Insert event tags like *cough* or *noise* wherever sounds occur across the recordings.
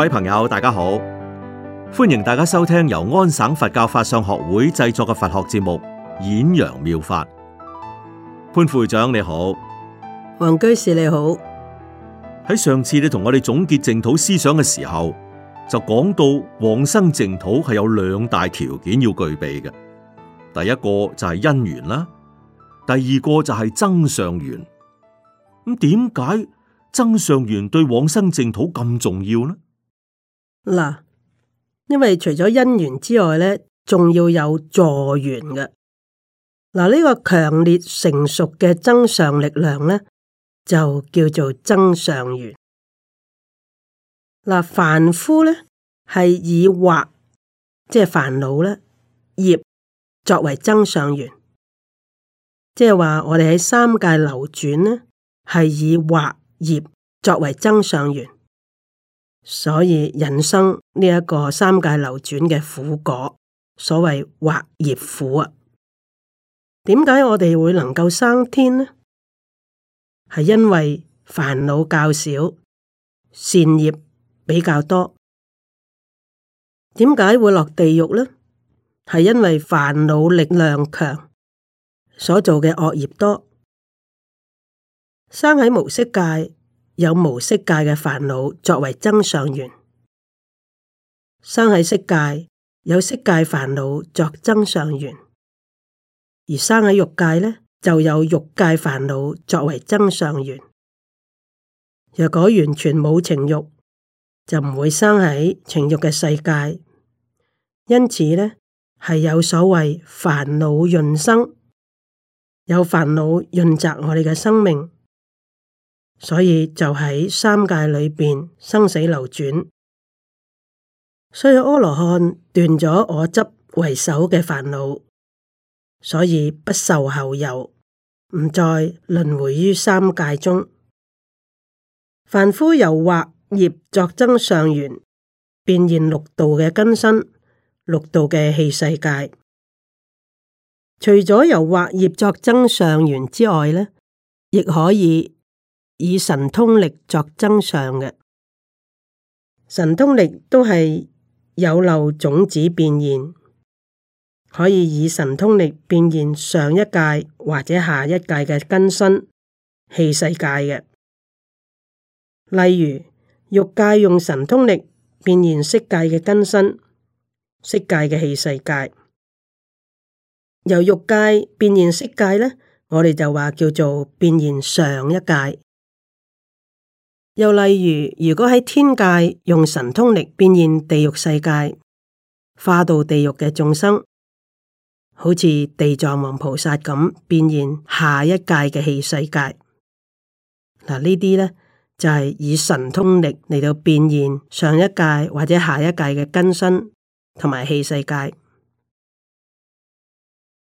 各位朋友，大家好，歡迎大家收聽由安省佛教法相學會製作嘅佛學節目《演揚妙，妙法》。潘副會長你好，黃居士你好。喺上次你同我哋總結淨土思想嘅時候，就講到往生淨土係有兩大條件要具備嘅。第一個就係因緣啦，第二個就係增上緣。咁點解增上緣對往生淨土咁重要呢？嗱，因為除咗因緣之外咧，仲要有助緣嘅。嗱，呢、這個強烈成熟嘅增上力量咧，就叫做增上緣。嗱，凡夫咧係以惑，即係煩惱咧，業作為增上緣。即係話我哋喺三界流轉咧，係以惑業作為增上緣。所以人生呢一個三界流轉嘅苦果，所謂惑業苦啊。點解我哋會能夠生天呢？係因為煩惱較少，善業比較多。點解會落地獄呢？係因為煩惱力量強，所做嘅惡業多。生喺無色界。有無色界嘅煩惱作為增上緣。生喺色界，有色界煩惱作增上緣；而生喺欲界呢就有欲界煩惱作為增上緣。若果完全冇情欲，就唔會生喺情欲嘅世界。因此呢係有所謂煩惱潤生，有煩惱潤澤我哋嘅生命。所以就喺三界裏邊生死流轉，所以阿羅漢斷咗我執為首嘅煩惱，所以不受後有，唔再輪迴於三界中。凡夫由惑業作增上緣，變現六道嘅根身，六道嘅器世界。除咗由惑業作增上緣之外呢，咧亦可以。以神通力作增上嘅，神通力都係有漏種子變現，可以以神通力變現上一界或者下一界嘅根身氣世界嘅。例如欲界用神通力變現色界嘅根身，色界嘅氣世界由欲界變現色界咧，我哋就話叫做變現上一界。又例如，如果喺天界用神通力變現地獄世界，化度地獄嘅眾生，好似地藏王菩薩咁變現下一界嘅器世界。嗱，呢啲咧就係、是、以神通力嚟到變現上一界或者下一界嘅根身同埋器世界。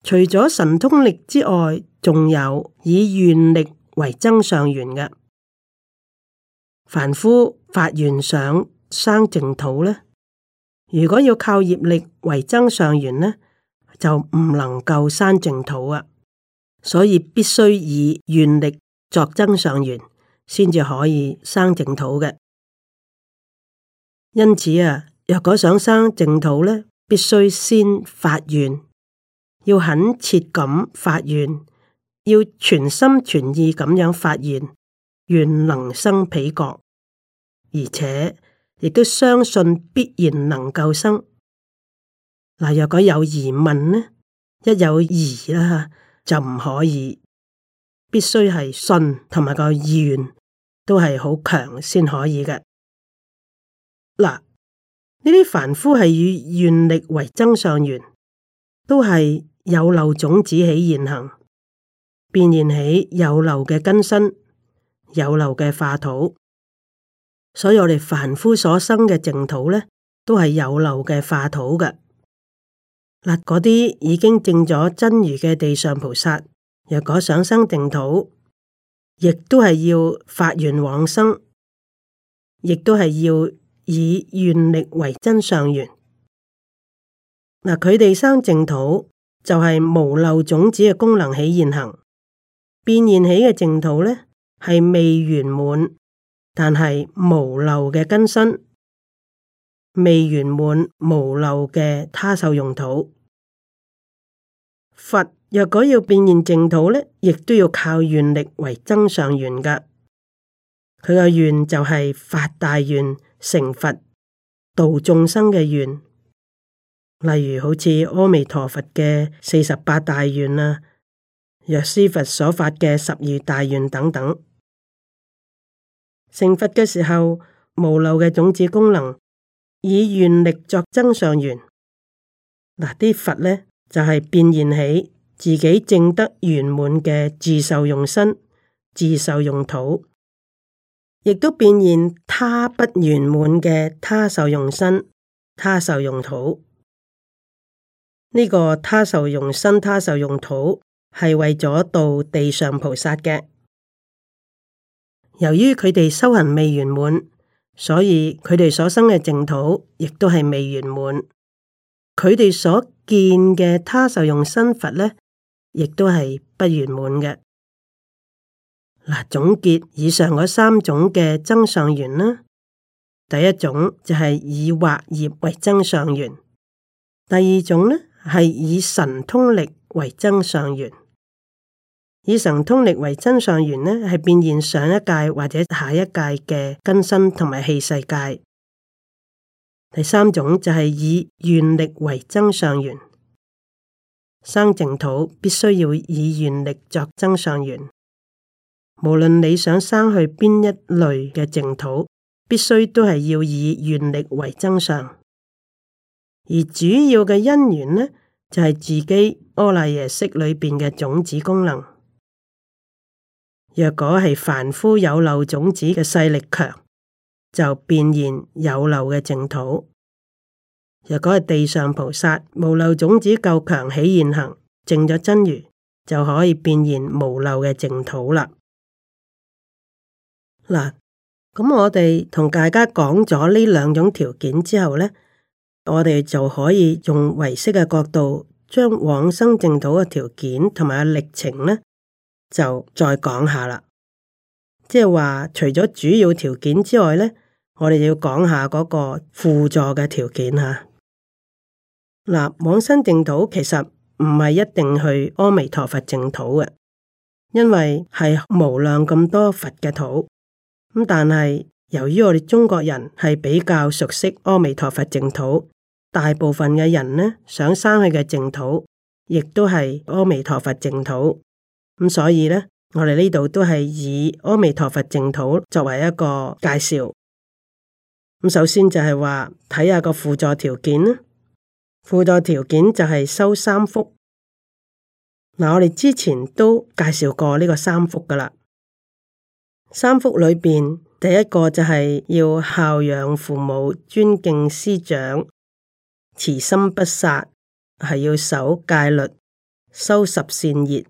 除咗神通力之外，仲有以願力為增上緣嘅。凡夫發願想生淨土咧，如果要靠業力為增上緣咧，就唔能夠生淨土啊！所以必須以願力作增上緣，先至可以生淨土嘅。因此啊，若果想生淨土咧，必須先發願，要懇切咁發願，要全心全意咁樣發願。願能生彼國，而且亦都相信必然能夠生。嗱，若果有疑問呢，一有疑啦，就唔可以，必須係信同埋個意願都係好強先可以嘅。嗱，呢啲凡夫係以願力為增上緣，都係有漏種子起現行，變現起有漏嘅根身。有漏嘅化土，所以我哋凡夫所生嘅淨土咧，都係有漏嘅化土嘅。嗱，嗰啲已經證咗真如嘅地上菩薩，若果想生淨土，亦都係要發願往生，亦都係要以願力為增上緣。嗱，佢哋生淨土就係、是、無漏種子嘅功能起現行，變現起嘅淨土咧。係未圓滿，但係無漏嘅根身；未圓滿無漏嘅他受用土。佛若果要變現淨土咧，亦都要靠願力為增上緣噶。佢個願就係發大願成佛度眾生嘅願，例如好似阿彌陀佛嘅四十八大願啦、啊。藥師佛所發嘅十二大願等等，成佛嘅時候，無漏嘅種子功能以願力作增上緣。嗱，啲佛呢，就係、是、變現起自己證得圓滿嘅自受用身、自受用土，亦都變現他不圓滿嘅他受用身、他受用土。呢、這個他受用身、他受用土，係為咗到地上菩薩嘅，由於佢哋修行未圓滿，所以佢哋所生嘅淨土亦都係未圓滿。佢哋所見嘅他受用身佛呢，亦都係不圓滿嘅。嗱，總結以上嗰三種嘅增上緣啦，第一種就係以惑業為增上緣，第二種呢，係以神通力為增上緣。以神通力為真相源呢，咧，係變現上一界或者下一界嘅根身同埋器世界。第三種就係以願力為真相源。生淨土必須要以願力作真相源。無論你想生去邊一類嘅淨土，必須都係要以願力為真相。而主要嘅因緣呢，就係、是、自己阿賴耶識裏邊嘅種子功能。若果係凡夫有漏種子嘅勢力強，就變現有漏嘅淨土；若果係地上菩薩無漏種子夠強，起現行淨咗真如，就可以變現無漏嘅淨土啦。嗱，咁我哋同大家講咗呢兩種條件之後咧，我哋就可以用唯識嘅角度，將往生淨土嘅條件同埋歷程咧。就再講下啦，即係話除咗主要條件之外呢，我哋要講下嗰個輔助嘅條件啊。嗱，往生淨土其實唔係一定去阿彌陀佛淨土嘅，因為係無量咁多佛嘅土。咁但係由於我哋中國人係比較熟悉阿彌陀佛淨土，大部分嘅人呢，想生去嘅淨土，亦都係阿彌陀佛淨土。咁所以呢，我哋呢度都係以阿彌陀佛淨土作為一個介紹。咁首先就係話睇下個輔助條件啦。輔助條件就係修三福。嗱，我哋之前都介紹過呢個三福噶啦。三福裏邊第一個就係要孝養父母、尊敬師長、慈心不殺，係要守戒律、修十善業。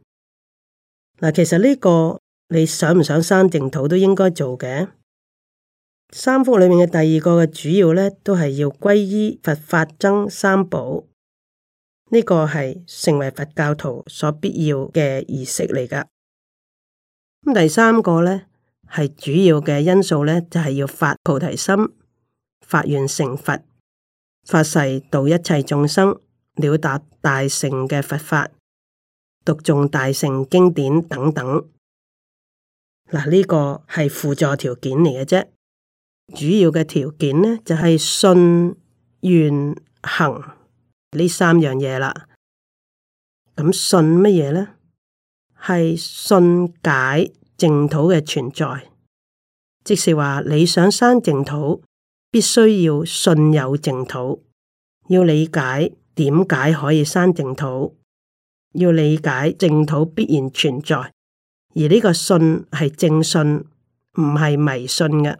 其實呢、這個你想唔想生淨土都應該做嘅。三福裡面嘅第二個嘅主要咧，都係要皈依佛法僧三寶，呢、這個係成為佛教徒所必要嘅儀式嚟噶。咁第三個咧係主要嘅因素咧，就係、是、要發菩提心，發願成佛，發誓度一切眾生，了達大乘嘅佛法。讀誦大乘經典等等，嗱、這、呢個係輔助條件嚟嘅啫。主要嘅條件呢就係、是、信願行呢三樣嘢啦。咁、嗯、信乜嘢呢？係信解淨土嘅存在，即是話你想生淨土，必須要信有淨土，要理解點解可以生淨土。要理解淨土必然存在，而呢個信係正信，唔係迷信嘅。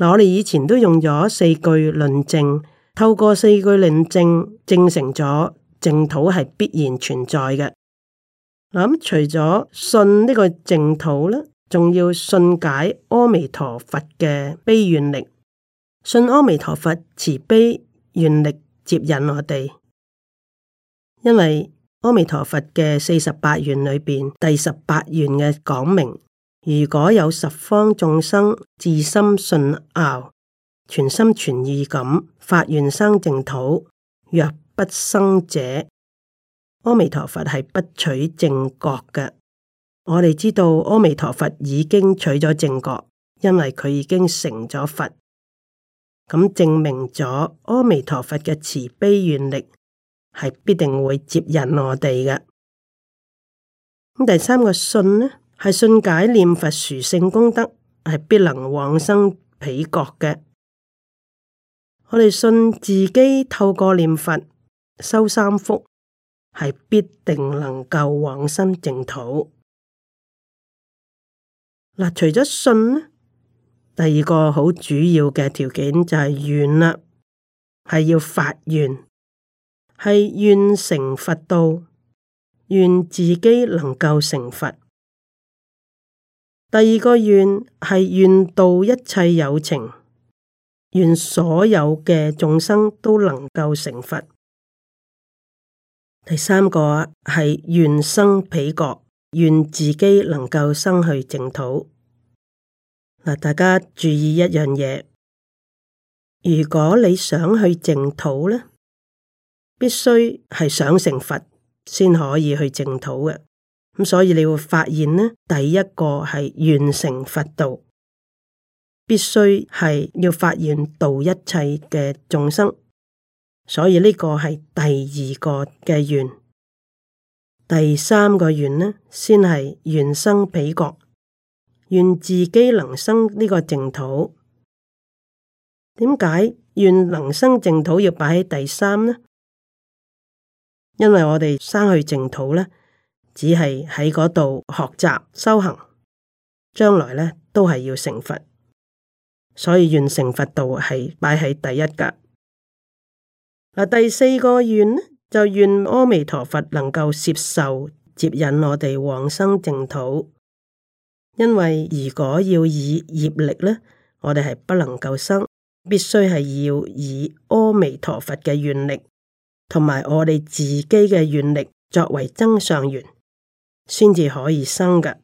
我哋以前都用咗四句論證，透過四句論證證成咗淨土係必然存在嘅。嗱咁，除咗信呢個淨土咧，仲要信解阿彌陀佛嘅悲願力，信阿彌陀佛慈悲願力接引我哋，因為。阿彌陀佛嘅四十八願裏邊，第十八願嘅講明，如果有十方眾生至心信樂，全心全意咁發願生淨土，若不生者，阿彌陀佛係不取正覺嘅。我哋知道阿彌陀佛已經取咗正覺，因為佢已經成咗佛，咁證明咗阿彌陀佛嘅慈悲願力。係必定會接引我哋嘅。咁第三個信呢，係信解念佛殊勝功德，係必能往生彼國嘅。我哋信自己透過念佛修三福，係必定能夠往生淨土。嗱、啊，除咗信呢，第二個好主要嘅條件就係願啦，係要發願。係願成佛道，願自己能夠成佛。第二個願係願度一切有情，願所有嘅眾生都能夠成佛。第三個係願生彼國，願自己能夠生去淨土。嗱，大家注意一樣嘢，如果你想去淨土咧？必須係想成佛先可以去淨土嘅，咁所以你會發現呢，第一個係願成佛道，必須係要發現度一切嘅眾生，所以呢個係第二個嘅願。第三個願呢，先係願生彼國，願自己能生呢個淨土。點解願能生淨土要擺喺第三呢？因為我哋生去淨土呢，只係喺嗰度學習修行，將來呢都係要成佛，所以願成佛道係擺喺第一格。嗱，第四個願呢，就願阿彌陀佛能夠接受接引我哋往生淨土。因為如果要以業力呢，我哋係不能夠生，必須係要以阿彌陀佛嘅願力。同埋我哋自己嘅願力作為增上緣，先至可以生㗎。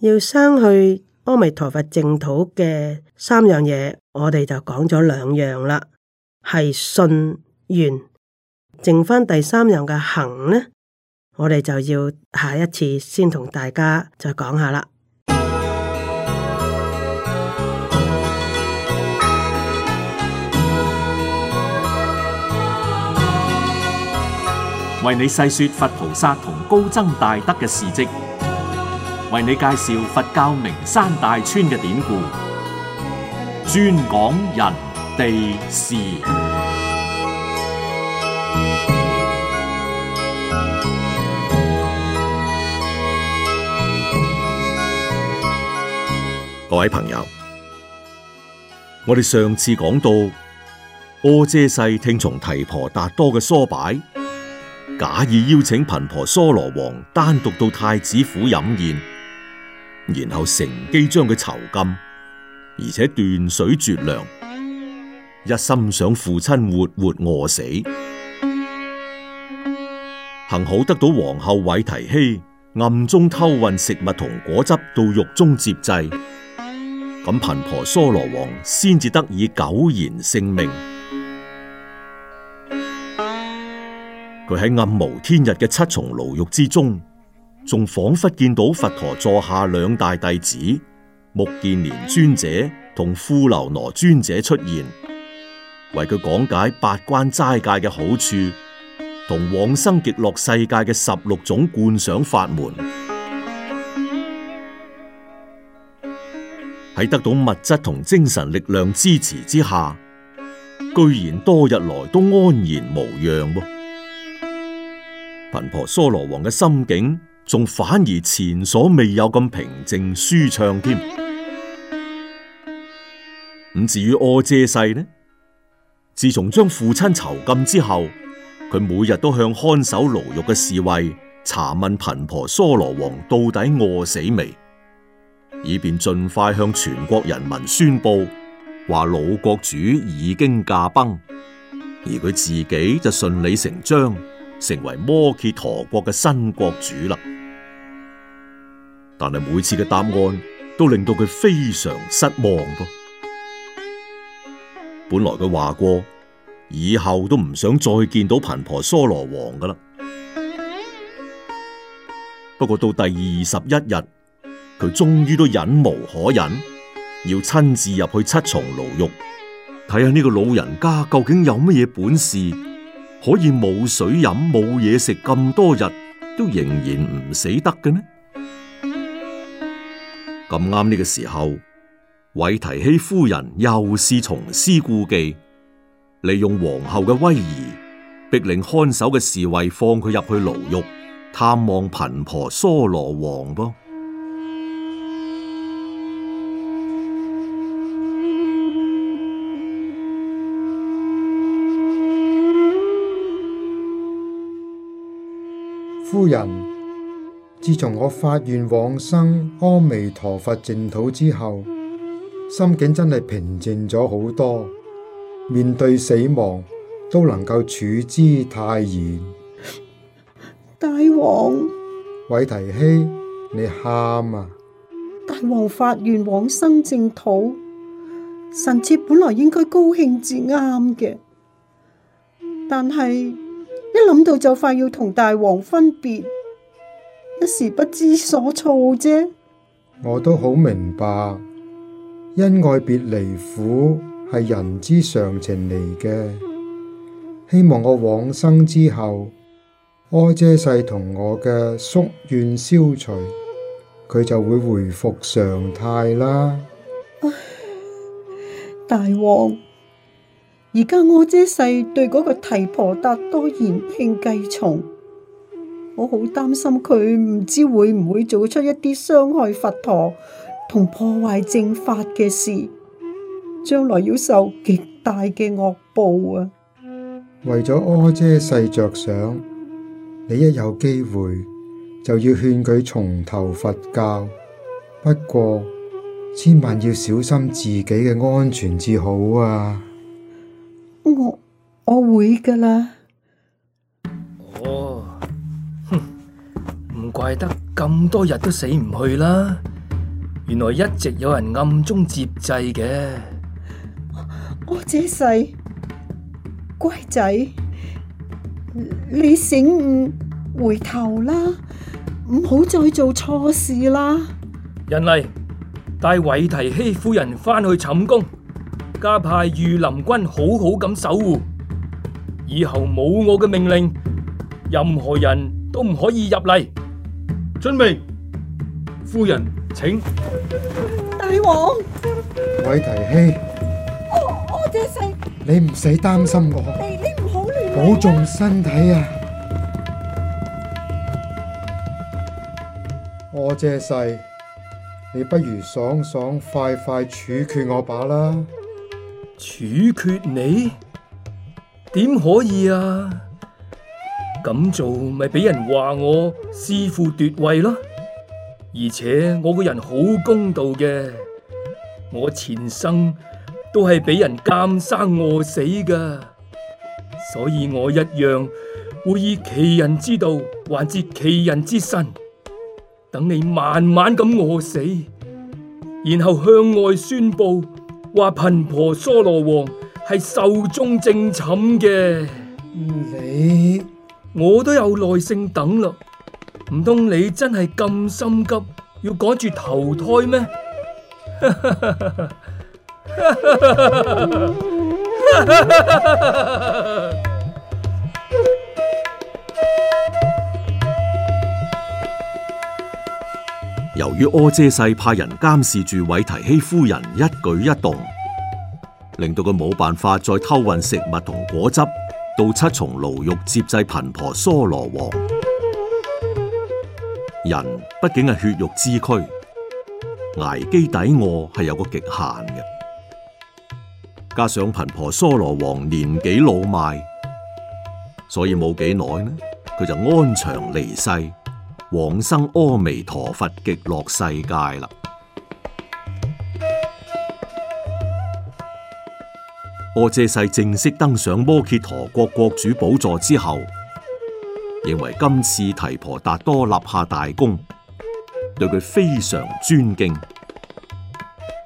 要生去阿彌陀佛淨土嘅三樣嘢，我哋就講咗兩樣啦，係信願。剩返第三樣嘅行呢，我哋就要下一次先同大家再講下啦。為你細說佛菩薩同高僧大德嘅事跡，為你介紹佛教名山大川嘅典故，專講人地事。各位朋友，我哋上次講到阿闍世聽從提婆達多嘅唆擺，假意邀請頻婆娑羅王單獨到太子府飲宴，然後乘機將佢囚禁，而且斷水絕糧，一心想父親活活餓死。幸好得到皇后韋提希暗中偷運食物同果汁到獄中接濟，咁頻婆娑羅王先至得以苟延性命。佢喺暗無天日嘅七重牢獄之中，仲仿佛見到佛陀座下兩大弟子目犍連尊者同富樓那尊者出現，為佢講解八關齋戒嘅好處同往生極樂世界嘅十六種觀想法門。喺得到物質同精神力量支持之下，居然多日來都安然無恙。頻婆娑羅王嘅心境，仲反而前所未有咁平靜舒暢添。咁至於阿闍世呢？自從將父親囚禁之後，佢每日都向看守牢獄嘅侍衛查問頻婆娑羅王到底餓死未，以便盡快向全國人民宣布話老國主已經駕崩，而佢自己就順理成章。成為摩揭陀國嘅新國主啦，但係每次嘅答案都令到佢非常失望噃。本來佢話過以後都唔想再見到頻婆娑羅王噶啦，不過到第二十一日，佢終於都忍無可忍，要親自入去七重牢獄，睇下呢個老人家究竟有乜嘢本事。可以冇水飲，冇嘢食咁多日都仍然唔死得嘅呢？咁啱呢個時候，韋提希夫人又是重施故技，利用皇后嘅威儀，逼令看守嘅侍衛放佢入去牢獄探望頻婆娑羅王啵。夫人，自從我發願往生阿彌陀佛淨土之後，心境真係平靜咗好多，面對死亡都能夠處之泰然。大王，韋提希，你喊啊！大王發願往生淨土，臣妾本來應該高興至啱嘅，但係。一諗到就快要同大王分別，一時不知所措啫。我都好明白，恩愛別離苦係人之常情嚟嘅。希望我往生之後，阿闍世同我嘅宿怨消除，佢就會回復常態啦。 *laughs* 大王。而家阿闍世對嗰個提婆達多言聽計從，我好擔心佢唔知會唔會做出一啲傷害佛陀同破壞正法嘅事，將來要受極大嘅惡報啊！為咗阿闍世着想，你一有機會就要勸佢從頭佛教，不過千萬要小心自己嘅安全至好啊！我我會㗎啦。哦，哼，唔怪得咁多日都死唔去啦。原來一直有人暗中接濟嘅。我這世，乖仔，你，你醒悟回頭啦，唔好再做錯事啦。人嚟，帶韋提希夫人翻去寢宮。加派御林軍好好咁守護，以後冇我嘅命令，任何人都唔可以入嚟。遵命，夫人請。大王，韋提希。我我闍世。你唔使擔心我。你你唔好亂。保重身體啊！我闍世，你不如爽爽快快處決我罷啦。處決你點可以啊？咁做咪俾人話我弑父奪位咯？而且我個人好公道嘅，我前生都係俾人監生餓死噶，所以我一樣會以其人之道還治其人之身，等你慢慢咁餓死，然後向外宣布。話頻婆娑羅王係壽終正寢嘅。嗯，你我都有耐性等咯，唔通你真係咁心急，要趕住投胎咩？由於阿闍世派人監視住韋提希夫人一舉一動，令到佢冇辦法再偷運食物同果汁到七重牢獄接濟頻婆娑羅王。人畢竟係血肉之軀，挨飢抵餓係有個極限嘅。加上頻婆娑羅王年紀老邁，所以冇幾耐呢，佢就安詳離世。往生阿彌陀佛極樂世界啦！阿闍世正式登上摩羯陀國國主寶座之後，認為今次提婆達多立下大功，對佢非常尊敬，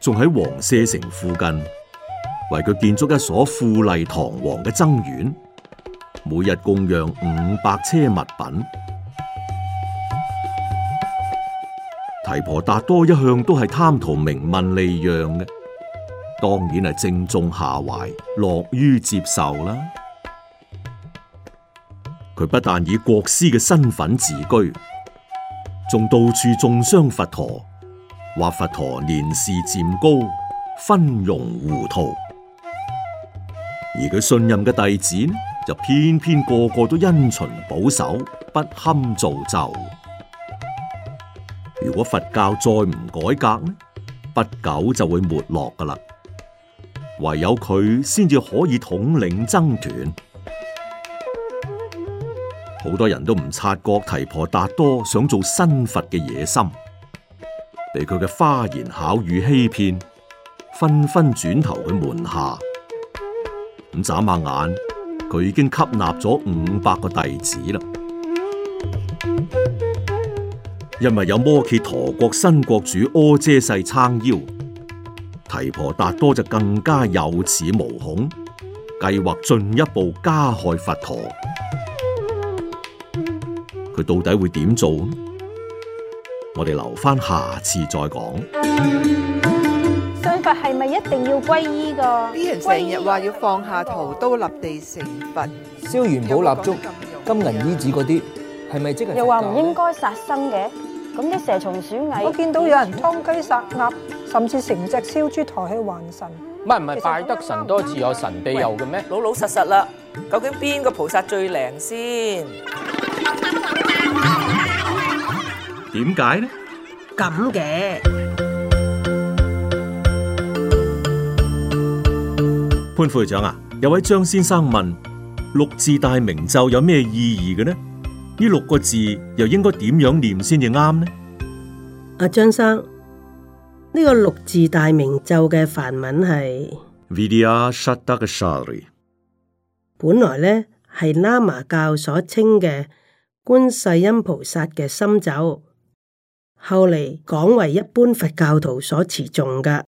仲喺王舍城附近為佢建築一所富麗堂皇嘅僧院，每日供養五百車物品。提婆達多一向都係貪圖名聞利養嘅，當然係正中下懷，樂於接受啦。佢不但以國師嘅身份自居，仲到處中傷佛陀，話佛陀年事漸高，昏庸糊塗。而佢信任嘅弟子就偏偏個個都因循保守，不堪造就。如果佛教再唔改革呢，不久就會沒落噶啦。唯有佢先至可以統領僧團。好多人都唔察覺提婆達多想做新佛嘅野心，被佢嘅花言巧語欺騙，紛紛轉投佢門下。眨下眼，佢已經吸納咗五百個弟子啦。因為有摩羯陀國新國主阿闍世撐腰，提婆達多就更加有恃無恐，計劃進一步加害佛陀。佢到底會點做？我哋留翻下次再講。信佛係咪一定要皈依噶？啲人成日話要放下屠刀立地成佛，燒元寶蠟燭、金銀衣紙嗰啲，係咪即係？又話唔應該殺生嘅？咁啲蛇蟲鼠蟻，我見到有人劏雞殺鴨，甚至成隻燒豬抬起還神。唔係唔係，拜得神多自有神庇佑嘅咩？老老實實啦，究竟邊個菩薩最靈先？點解 *laughs* 呢？咁嘅潘會長啊，有位張先生問：六字大明咒有咩意義嘅呢？呢六個字又應該點樣念先至啱呢？阿張生，呢、這個六字大明咒嘅梵文係。本來咧係喇嘛教所稱嘅觀世音菩薩嘅心咒，後嚟講為一般佛教徒所持誦嘅。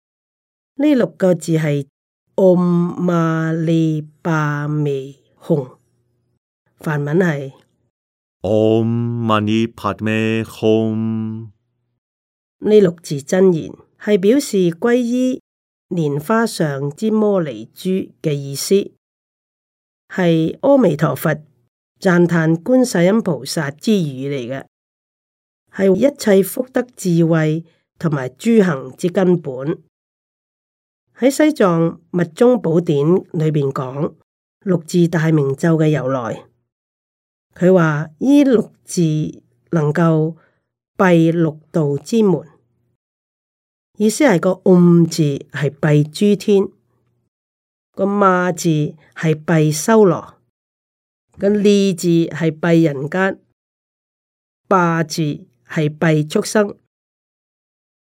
呢六個字係唵嘛呢叭咪吽，梵文係。呢六字真言係表示皈依蓮花上之摩尼珠嘅意思，係阿彌陀佛讚嘆觀世音菩薩之語嚟嘅，係一切福德智慧同埋諸行之根本。喺西藏密宗寶典裏面講六字大明咒嘅由來。佢話：呢六字能夠閉六道之門，意思係個唵字係閉諸天，個嘛字係閉修羅，個呢字係閉人間，叭字係閉畜生，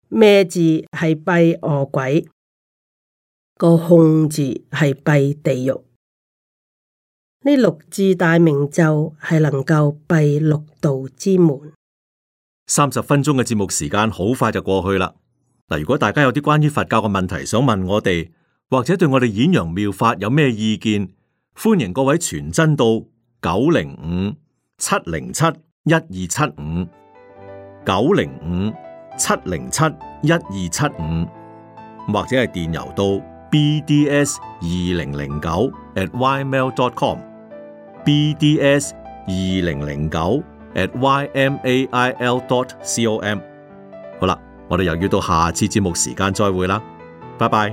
咪字係閉餓鬼，個吽字係閉地獄。呢六字大明咒係能夠閉六道之門。三十分鐘嘅節目時間好快就過去啦。嗱，如果大家有啲關於佛教嘅問題想問我哋，或者對我哋演揚妙法有咩意見，歡迎各位傳真到九零五七零七一二七五九零五七零七一二七五，75, 75, 或者係電郵到 bds 二零零九 at ymail.com。At BDS 二零零九 at ymail dot com 好啦，我哋又要到下次節目時間再會啦，拜拜。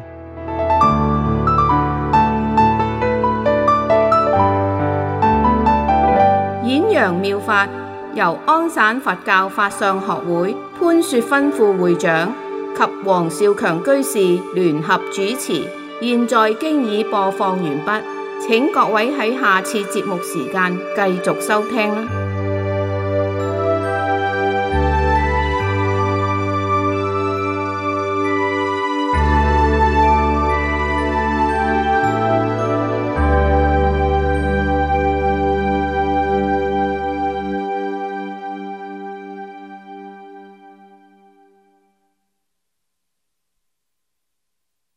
演揚妙法由安省佛教法相學會潘雪芬副會長及黃少強居士聯合主持，現在經已播放完畢。請各位喺下次節目時間繼續收聽。